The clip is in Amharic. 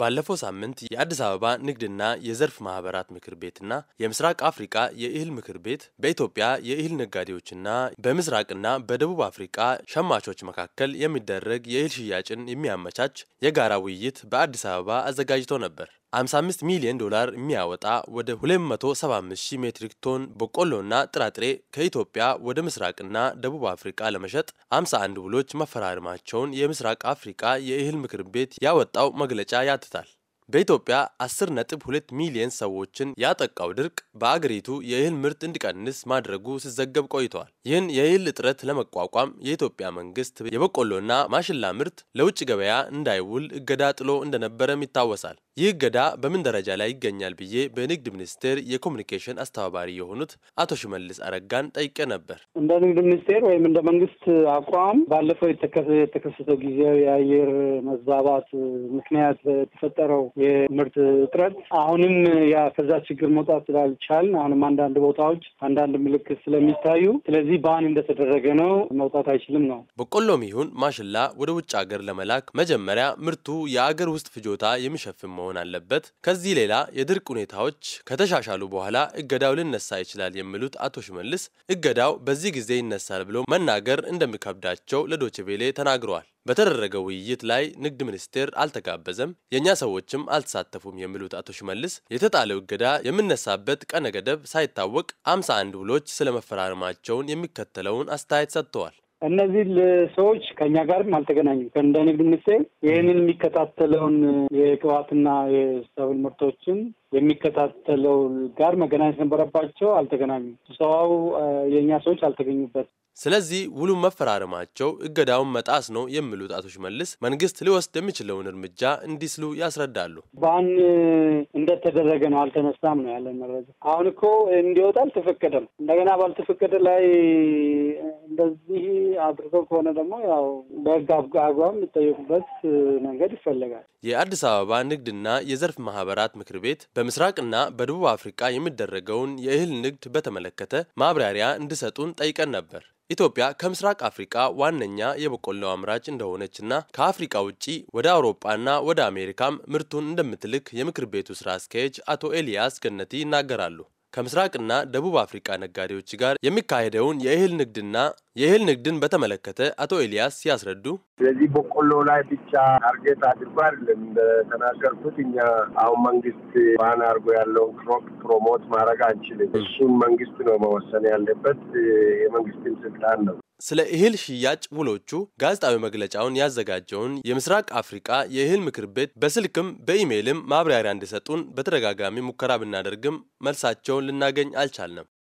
ባለፈው ሳምንት የአዲስ አበባ ንግድና የዘርፍ ማህበራት ምክር ቤትና የምስራቅ አፍሪቃ የእህል ምክር ቤት በኢትዮጵያ የእህል ነጋዴዎችና በምስራቅና በደቡብ አፍሪቃ ሸማቾች መካከል የሚደረግ የእህል ሽያጭን የሚያመቻች የጋራ ውይይት በአዲስ አበባ አዘጋጅቶ ነበር። 55 ሚሊዮን ዶላር የሚያወጣ ወደ 275,000 ሜትሪክ ቶን በቆሎና ጥራጥሬ ከኢትዮጵያ ወደ ምስራቅና ደቡብ አፍሪካ ለመሸጥ 51 ውሎች መፈራረማቸውን የምስራቅ አፍሪካ የእህል ምክር ቤት ያወጣው መግለጫ ያትታል። በኢትዮጵያ 10.2 ሚሊዮን ሰዎችን ያጠቃው ድርቅ በአገሪቱ የእህል ምርት እንዲቀንስ ማድረጉ ሲዘገብ ቆይተዋል። ይህን የእህል እጥረት ለመቋቋም የኢትዮጵያ መንግስት የበቆሎና ማሽላ ምርት ለውጭ ገበያ እንዳይውል እገዳ ጥሎ እንደነበረም ይታወሳል። ይህ እገዳ በምን ደረጃ ላይ ይገኛል ብዬ በንግድ ሚኒስቴር የኮሚኒኬሽን አስተባባሪ የሆኑት አቶ ሽመልስ አረጋን ጠይቄ ነበር። እንደ ንግድ ሚኒስቴር ወይም እንደ መንግስት አቋም ባለፈው የተከሰተው ጊዜያዊ የአየር መዛባት ምክንያት የተፈጠረው የምርት እጥረት አሁንም ከዛ ችግር መውጣት ስላልቻል አሁንም አንዳንድ ቦታዎች አንዳንድ ምልክት ስለሚታዩ ስለዚህ ባን እንደተደረገ ነው መውጣት አይችልም ነው። በቆሎም ይሁን ማሽላ ወደ ውጭ ሀገር ለመላክ መጀመሪያ ምርቱ የአገር ውስጥ ፍጆታ የሚሸፍን መሆን አለበት። ከዚህ ሌላ የድርቅ ሁኔታዎች ከተሻሻሉ በኋላ እገዳው ልነሳ ይችላል የሚሉት አቶ ሽመልስ እገዳው በዚህ ጊዜ ይነሳል ብሎ መናገር እንደሚከብዳቸው ለዶችቬሌ ተናግረዋል። በተደረገ ውይይት ላይ ንግድ ሚኒስቴር አልተጋበዘም፣ የእኛ ሰዎችም አልተሳተፉም የሚሉት አቶ ሽመልስ የተጣለው እገዳ የምነሳበት ቀነ ገደብ ሳይታወቅ አምሳ አንድ ውሎች ስለመፈራረማቸውን የሚከተለውን አስተያየት ሰጥተዋል። እነዚህ ሰዎች ከእኛ ጋርም አልተገናኙም። ከእንደ ንግድ ሚኒስቴር ይህንን የሚከታተለውን የቅባትና የሰብል ምርቶችን የሚከታተለው ጋር መገናኘት ነበረባቸው። አልተገናኙም። ስብሰባው የእኛ ሰዎች አልተገኙበት። ስለዚህ ውሉ መፈራረማቸው እገዳውን መጣስ ነው የሚሉት አቶ ሽመልስ መንግስት ሊወስድ የሚችለውን እርምጃ እንዲስሉ ያስረዳሉ። ባን እንደተደረገ ነው አልተነሳም ነው ያለን መረጃ። አሁን እኮ እንዲወጣ አልተፈቀደም። እንደገና ባልተፈቀደ ላይ አድርገው ከሆነ ደግሞ ያው በህግ አግባብ የሚጠየቁበት መንገድ ይፈለጋል። የአዲስ አበባ ንግድና የዘርፍ ማህበራት ምክር ቤት በምስራቅና በደቡብ አፍሪካ የሚደረገውን የእህል ንግድ በተመለከተ ማብራሪያ እንዲሰጡን ጠይቀን ነበር። ኢትዮጵያ ከምስራቅ አፍሪካ ዋነኛ የበቆሎ አምራች እንደሆነችና ከአፍሪካ ውጪ ወደ አውሮፓና ወደ አሜሪካም ምርቱን እንደምትልክ የምክር ቤቱ ስራ አስኪያጅ አቶ ኤልያስ ገነቲ ይናገራሉ። ከምስራቅና ደቡብ አፍሪካ ነጋዴዎች ጋር የሚካሄደውን የእህል ንግድና የእህል ንግድን በተመለከተ አቶ ኤልያስ ሲያስረዱ ስለዚህ በቆሎ ላይ ብቻ ታርጌት አድርጎ አይደለም እንደተናገርኩት እኛ አሁን መንግስት ባን አድርጎ ያለውን ክሮፕ ፕሮሞት ማድረግ አንችልም። እሱን መንግስት ነው መወሰን ያለበት፣ የመንግስትም ስልጣን ነው። ስለ እህል ሽያጭ ውሎቹ ጋዜጣዊ መግለጫውን ያዘጋጀውን የምስራቅ አፍሪቃ የእህል ምክር ቤት በስልክም በኢሜይልም ማብራሪያ እንዲሰጡን በተደጋጋሚ ሙከራ ብናደርግም መልሳቸውን ልናገኝ አልቻልንም።